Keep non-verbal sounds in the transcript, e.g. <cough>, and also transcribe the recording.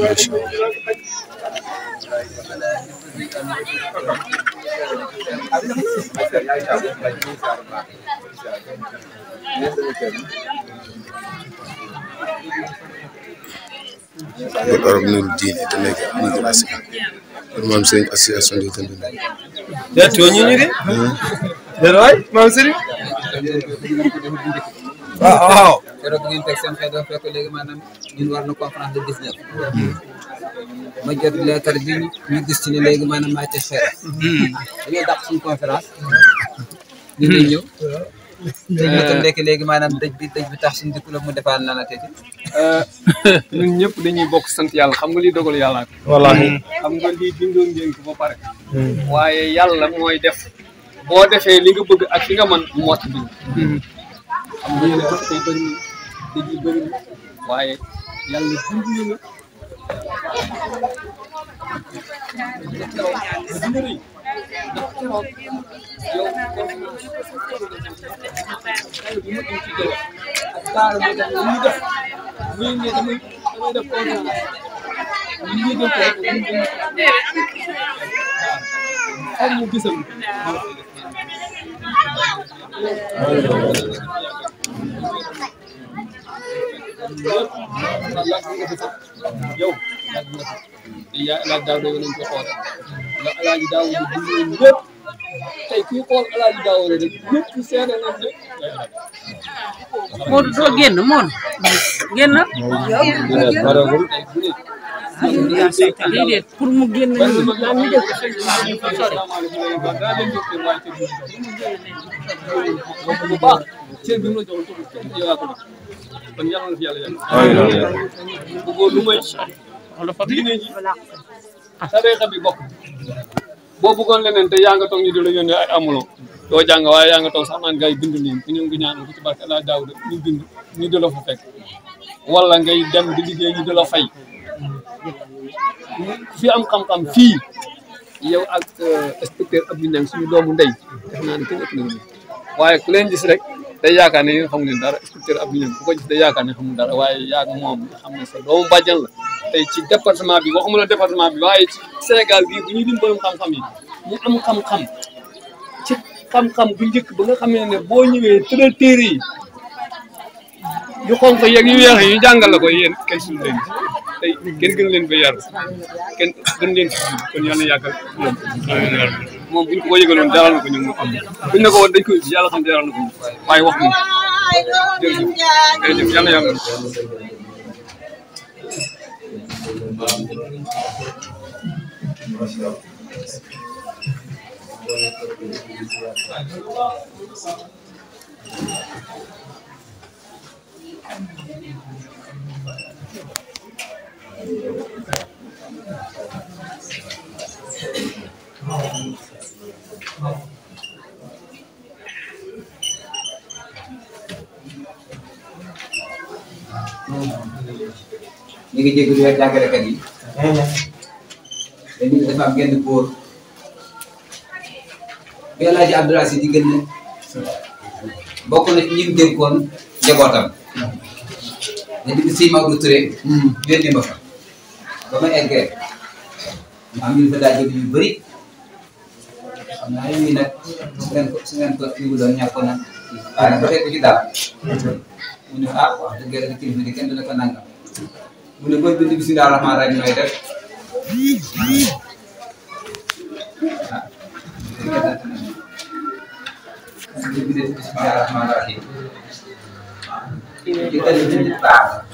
ماشي Arab Nul Dine da nekk ni grâce pour maam sëriñ association di tënd na da toñu ñu de da way maam sëriñ waaw waaw keroog ngeen teg seen xel dafa fekk léegi maanaam ñun war na conférence de 19. Hmm. ma jot leetar bi ñu gis ci ne léegi maanaam maa ca xeer. Hmm. dañoo dàq suñu conférence. ñu ngi ñëw. te ñu ko nekk léegi maanaam dëj bi dëj bi tax suñu dëkk la mu defaan na la te euh, <laughs> ñun ñëpp dañuy bokk sant yàlla xam nga liy dogal yàlla xam nga liy bindoo ngeen ko ba pare. Hmm. waaye yàlla mooy def. boo defee li nga bëgg ak li nga mën moo ci bind. dëj yi bëri na waaye yàlla dimbali na ndax yow yaa laaj daaw doo nañ ko xool ndax alaaji daaw bi dundee ñëpp tey kuy xool alaaji daaw rek ne moon génn pour mu génn ñu lan kon yàlla na fi yàlla oh, yàlla iya, iya. bëggoo lu may diine ji tariixa bi bokk boo bëggoon leneen te yaa nga toog ñu di la yónnee ay amuloo doo jàng waaye yaa nga toog sax naan ngay bind lii ñu ngi ñaanal ko ci barke El Hadj Daouda ñu bind ñu di la fa fekk wala ngay dem di liggéey ñu di la fay fi am xam-xam fii iya, yow ak inspecteur Abdou Niang suñu doomu ndey def naa ne kenn ëpp na waaye ku leen gis rek day yaakaar ne yéen xam ngeen dara sculpteur Abdou Niang ku ko gis day yaakaar ne xamul dara waaye yaag moom xam ne sa doomu bàjjan la tey ci département bi waxuma la département bi waaye ci Sénégal bii bu ñuy lim borom xam-xam yi ñu am xam-xam ci xam-xam bu njëkk ba nga xamee ne boo ñëwee tëral téere yi yu xonq yeeg yu weex yi ñu jàngal la ko yéen kenn suñu leen tey kenn gën leen ba yar kenn gën leen fi kon yàlla na yàggal moom buñ ko ko yëgaloon jaral na ko ñu mu am buñ ne ko woon dañ ko yàlla xam jaral na ko ñu waaye wax ñu jërëjëf jërëjëf yàlla yàggal Thank you. ñu ngi jégalu waa jàngalekat yi. dañuy dafa am genn góor. bi El Hadj Abdoulaye di gën a. bokk na ci ñi mu dénkoon njabootam. jadi di mau mawdu touré yónni ma fa ba ma eggee ma am ñu fa daal yu bëri xam naa yi nag su ngeen ko su ngeen ko yuguloon ñàkkoon na waaye ba fekk ci daal mu ne ah wax di kenn dana ko nangam mu ne booy bind bisimilah rahmaan rahim nooy def Tá que está que, de